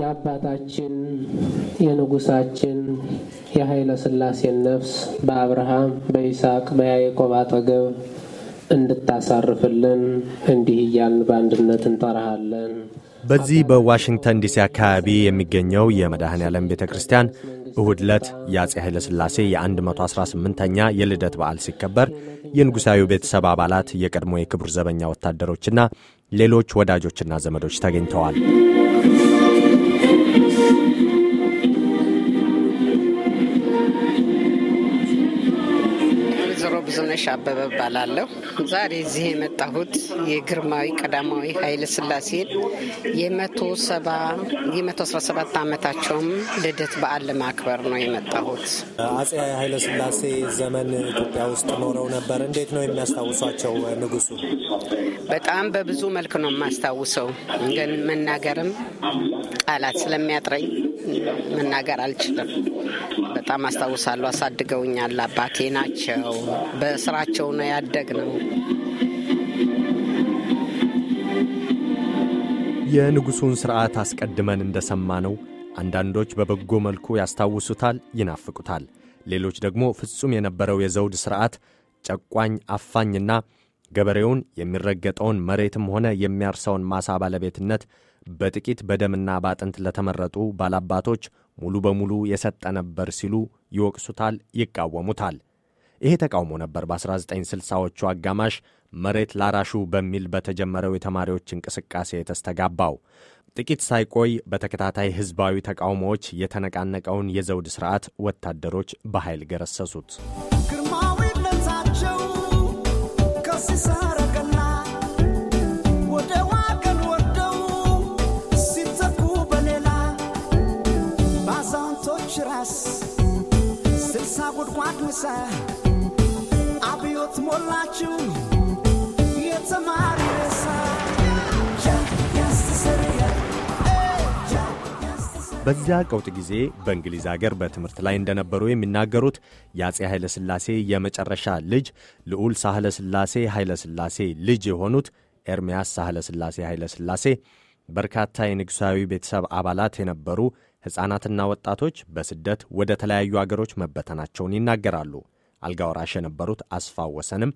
የአባታችን የንጉሳችን የኃይለ ሥላሴን ነፍስ በአብርሃም በይስሐቅ በያዕቆብ አጠገብ እንድታሳርፍልን እንዲህ እያልን በአንድነት እንጠራሃለን። በዚህ በዋሽንግተን ዲሲ አካባቢ የሚገኘው የመድኃኔ ዓለም ቤተ ክርስቲያን እሁድ ዕለት የአጼ ኃይለ ሥላሴ የ118ኛ የልደት በዓል ሲከበር የንጉሣዊው ቤተሰብ አባላት፣ የቀድሞ የክቡር ዘበኛ ወታደሮችና ሌሎች ወዳጆችና ዘመዶች ተገኝተዋል። አዳነሽ አበበ እባላለሁ። ዛሬ እዚህ የመጣሁት የግርማዊ ቀዳማዊ ኃይለ ስላሴ የመቶ ሰባ የመቶ አስራ ሰባት ዓመታቸውም ልደት በዓል ለማክበር ነው የመጣሁት። አጼ ኃይለ ስላሴ ዘመን ኢትዮጵያ ውስጥ ኖረው ነበር። እንዴት ነው የሚያስታውሷቸው ንጉሱ? በጣም በብዙ መልክ ነው የማስታውሰው፣ ግን መናገርም ቃላት ስለሚያጥረኝ መናገር አልችልም። በጣም አስታውሳለሁ። አሳድገውኛል። አባቴ ናቸው። በስራቸው ነው ያደግ ነው። የንጉሱን ስርዓት አስቀድመን እንደሰማነው አንዳንዶች በበጎ መልኩ ያስታውሱታል፣ ይናፍቁታል። ሌሎች ደግሞ ፍጹም የነበረው የዘውድ ስርዓት ጨቋኝ፣ አፋኝና ገበሬውን የሚረገጠውን መሬትም ሆነ የሚያርሰውን ማሳ ባለቤትነት በጥቂት በደምና በአጥንት ለተመረጡ ባላባቶች ሙሉ በሙሉ የሰጠ ነበር ሲሉ ይወቅሱታል፣ ይቃወሙታል። ይሄ ተቃውሞ ነበር በ1960ዎቹ አጋማሽ መሬት ላራሹ በሚል በተጀመረው የተማሪዎች እንቅስቃሴ የተስተጋባው። ጥቂት ሳይቆይ በተከታታይ ሕዝባዊ ተቃውሞዎች የተነቃነቀውን የዘውድ ሥርዓት ወታደሮች በኃይል ገረሰሱት። አብዮት ሞላችሁ የተማሪ በዚያ ቀውጥ ጊዜ በእንግሊዝ አገር በትምህርት ላይ እንደነበሩ የሚናገሩት የአጼ ኃይለ ሥላሴ የመጨረሻ ልጅ ልዑል ሳህለ ሥላሴ ኃይለ ሥላሴ ልጅ የሆኑት ኤርምያስ ሳህለ ሥላሴ ኃይለ ሥላሴ በርካታ የንጉሣዊ ቤተሰብ አባላት የነበሩ ሕፃናትና ወጣቶች በስደት ወደ ተለያዩ አገሮች መበተናቸውን ይናገራሉ። አልጋ ወራሽ የነበሩት አስፋ ወሰንም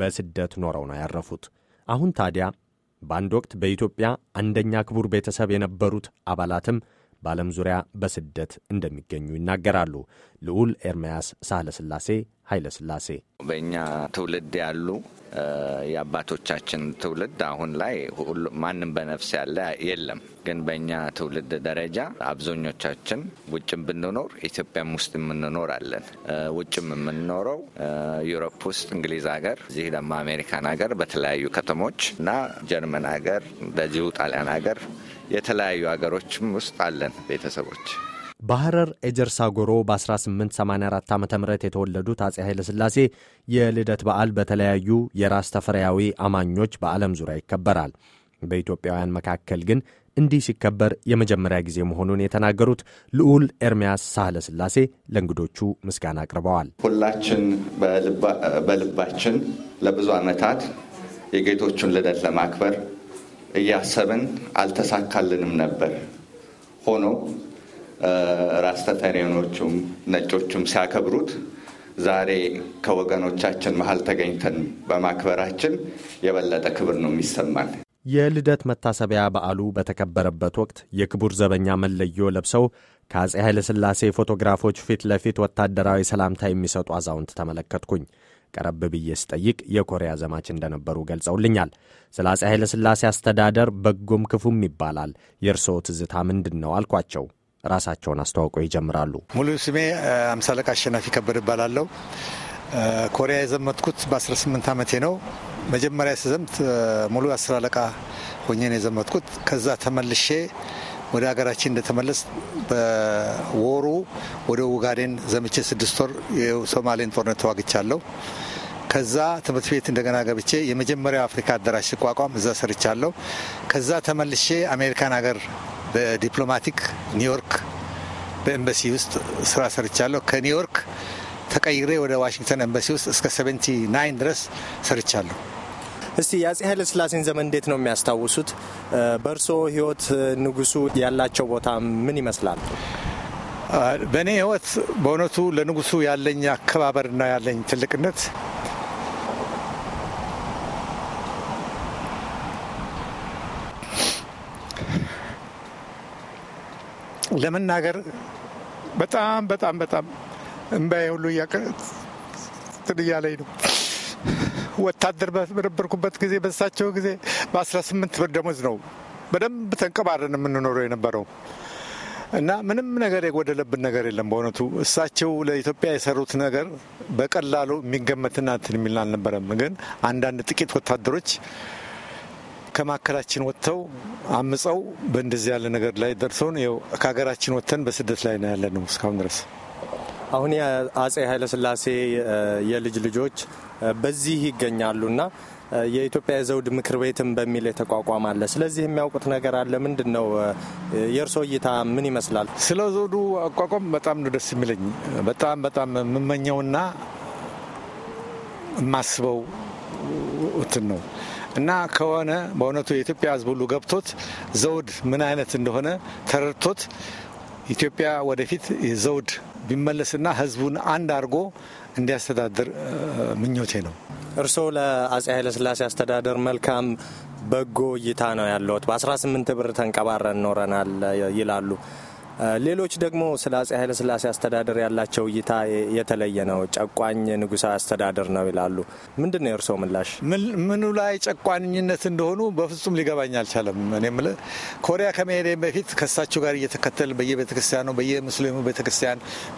በስደት ኖረው ነው ያረፉት። አሁን ታዲያ በአንድ ወቅት በኢትዮጵያ አንደኛ ክቡር ቤተሰብ የነበሩት አባላትም በዓለም ዙሪያ በስደት እንደሚገኙ ይናገራሉ። ልዑል ኤርምያስ ሳህለስላሴ ኃይለስላሴ በእኛ ትውልድ ያሉ የአባቶቻችን ትውልድ አሁን ላይ ማንም በነፍስ ያለ የለም። ግን በእኛ ትውልድ ደረጃ አብዛኞቻችን ውጭም ብንኖር ኢትዮጵያም ውስጥ የምንኖር አለን። ውጭም የምንኖረው ዩሮፕ ውስጥ እንግሊዝ ሀገር፣ እዚህ ደግሞ አሜሪካን ሀገር በተለያዩ ከተሞች እና ጀርመን ሀገር እንደዚሁ ጣሊያን ሀገር የተለያዩ ሀገሮችም ውስጥ አለን ቤተሰቦች በሐረር ኤጀርሳ ጎሮ በ1884 ዓ ም የተወለዱት አጼ ሥላሴ የልደት በዓል በተለያዩ የራስ ተፈሪያዊ አማኞች በዓለም ዙሪያ ይከበራል። በኢትዮጵያውያን መካከል ግን እንዲህ ሲከበር የመጀመሪያ ጊዜ መሆኑን የተናገሩት ልዑል ኤርምያስ ሳህለ ሥላሴ ለእንግዶቹ ምስጋና አቅርበዋል። ሁላችን በልባችን ለብዙ ዓመታት የጌቶቹን ልደት ለማክበር እያሰብን አልተሳካልንም ነበር ሆኖ ራስተፈሬኖቹም ነጮቹም ሲያከብሩት ዛሬ ከወገኖቻችን መሀል ተገኝተን በማክበራችን የበለጠ ክብር ነው የሚሰማን። የልደት መታሰቢያ በዓሉ በተከበረበት ወቅት የክቡር ዘበኛ መለዮ ለብሰው ከአጼ ኃይለሥላሴ ፎቶግራፎች ፊት ለፊት ወታደራዊ ሰላምታ የሚሰጡ አዛውንት ተመለከትኩኝ። ቀረብ ብዬ ስጠይቅ የኮሪያ ዘማች እንደነበሩ ገልጸውልኛል። ስለ አጼ ኃይለሥላሴ አስተዳደር በጎም ክፉም ይባላል። የእርስዎ ትዝታ ምንድን ነው አልኳቸው። ራሳቸውን አስተዋውቀው ይጀምራሉ። ሙሉ ስሜ አምሳለቅ አሸናፊ ከበድ እባላለሁ። ኮሪያ የዘመትኩት በ18 ዓመቴ ነው። መጀመሪያ ስዘምት ሙሉ አስር አለቃ ሆኜ ነው የዘመትኩት። ከዛ ተመልሼ ወደ ሀገራችን እንደተመለስ በወሩ ወደ ውጋዴን ዘምቼ ስድስት ወር የሶማሌን ጦርነት ተዋግቻለሁ። ከዛ ትምህርት ቤት እንደገና ገብቼ የመጀመሪያው አፍሪካ አዳራሽ ሲቋቋም እዛ ሰርቻለሁ። ከዛ ተመልሼ አሜሪካን ሀገር በዲፕሎማቲክ ኒውዮርክ በኤምባሲ ውስጥ ስራ ሰርቻለሁ። ከኒውዮርክ ተቀይሬ ወደ ዋሽንግተን ኤምባሲ ውስጥ እስከ ሰቨንቲ ናይን ድረስ ሰርቻለሁ። እስቲ የአጼ ኃይለ ስላሴን ዘመን እንዴት ነው የሚያስታውሱት? በእርሶ ህይወት ንጉሱ ያላቸው ቦታ ምን ይመስላል? በእኔ ህይወት በእውነቱ ለንጉሱ ያለኝ አከባበርና ያለኝ ትልቅነት ለመናገር በጣም በጣም በጣም እንባዬ ሁሉ እያቀጥል እያለኝ ነው። ወታደር በነበርኩበት ጊዜ በሳቸው ጊዜ በ18 ብር ደሞዝ ነው በደንብ ተንቀባረን የምንኖረው የነበረው እና ምንም ነገር የጎደለብን ነገር የለም። በእውነቱ እሳቸው ለኢትዮጵያ የሰሩት ነገር በቀላሉ የሚገመትና እንትን የሚል አልነበረም። ግን አንዳንድ ጥቂት ወታደሮች ከማካከላችን ወጥተው አምፀው በእንደዚህ ያለ ነገር ላይ ደርሰውን ከሀገራችን ወጥተን በስደት ላይ ነው ያለ ነው እስካሁን ድረስ። አሁን የአጼ ኃይለስላሴ የልጅ ልጆች በዚህ ይገኛሉና የኢትዮጵያ የዘውድ ምክር ቤትም በሚል የተቋቋመ አለ። ስለዚህ የሚያውቁት ነገር አለ። ምንድን ነው የእርስዎ እይታ ምን ይመስላል? ስለ ዘውዱ አቋቋም በጣም ነው ደስ የሚለኝ። በጣም በጣም የምመኘውና የማስበው እንትን ነው እና ከሆነ በእውነቱ የኢትዮጵያ ሕዝብ ሁሉ ገብቶት ዘውድ ምን አይነት እንደሆነ ተረድቶት ኢትዮጵያ ወደፊት ዘውድ ቢመለስና ሕዝቡን አንድ አድርጎ እንዲያስተዳድር ምኞቴ ነው። እርስዎ ለአጼ ኃይለስላሴ አስተዳደር መልካም በጎ እይታ ነው ያለዎት። በ18 ብር ተንቀባረን ኖረናል ይላሉ። ሌሎች ደግሞ ስለ አጼ ኃይለስላሴ አስተዳደር ያላቸው እይታ የተለየ ነው። ጨቋኝ ንጉሳዊ አስተዳደር ነው ይላሉ። ምንድን ነው የእርስዎ ምላሽ? ምኑ ላይ ጨቋኝነት እንደሆኑ በፍጹም ሊገባኝ አልቻለም። እኔ የምልህ ኮሪያ ከመሄዴ በፊት ከሳቸው ጋር እየተከተል በየቤተክርስቲያኑ ክርስቲያኑ፣ በየሙስሊሙ ቤተ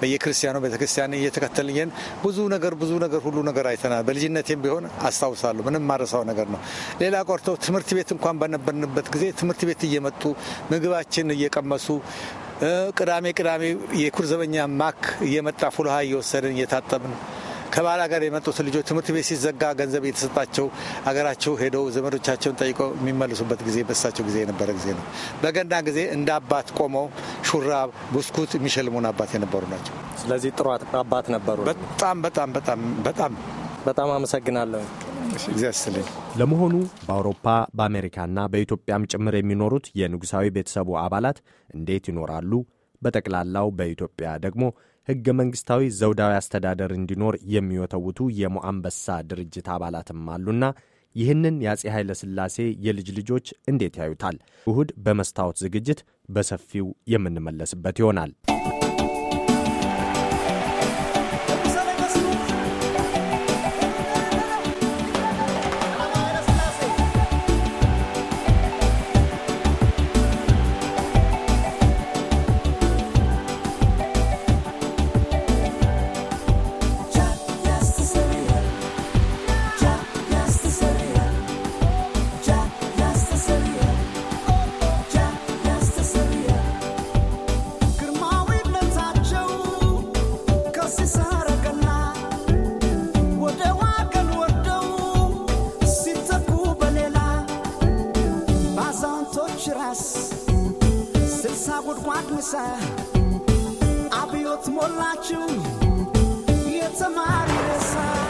በየክርስቲያኑ ቤተ ክርስቲያን እየተከተልን ብዙ ነገር ብዙ ነገር ሁሉ ነገር አይተናል። በልጅነቴም ቢሆን አስታውሳለሁ። ምንም ማረሳው ነገር ነው። ሌላ ቆርተው ትምህርት ቤት እንኳን በነበርንበት ጊዜ ትምህርት ቤት እየመጡ ምግባችን እየቀመሱ ቅዳሜ ቅዳሜ የኩር ዘበኛ ማክ እየመጣ ፉልሃ እየወሰድን እየታጠብን ከባል ሀገር የመጡትን ልጆች ትምህርት ቤት ሲዘጋ ገንዘብ የተሰጣቸው አገራቸው ሄደው ዘመዶቻቸውን ጠይቀው የሚመልሱበት ጊዜ በሳቸው ጊዜ የነበረ ጊዜ ነው። በገና ጊዜ እንደ አባት ቆመው ሹራብ፣ ብስኩት የሚሸልሙን አባት የነበሩ ናቸው። ስለዚህ ጥሩ አባት ነበሩ። በጣም በጣም በጣም በጣም በጣም አመሰግናለሁ። ለመሆኑ በአውሮፓ በአሜሪካና በኢትዮጵያም ጭምር የሚኖሩት የንጉሣዊ ቤተሰቡ አባላት እንዴት ይኖራሉ? በጠቅላላው በኢትዮጵያ ደግሞ ሕገ መንግሥታዊ ዘውዳዊ አስተዳደር እንዲኖር የሚወተውቱ የሞአንበሳ ድርጅት አባላትም አሉና ይህንን የአጼ ኃይለ ሥላሴ የልጅ ልጆች እንዴት ያዩታል? እሁድ በመስታወት ዝግጅት በሰፊው የምንመለስበት ይሆናል። የወፎች ራስ ስልሳ ጉድጓድ ምሳ አብዮት ሞላችው የተማሪ ረሳ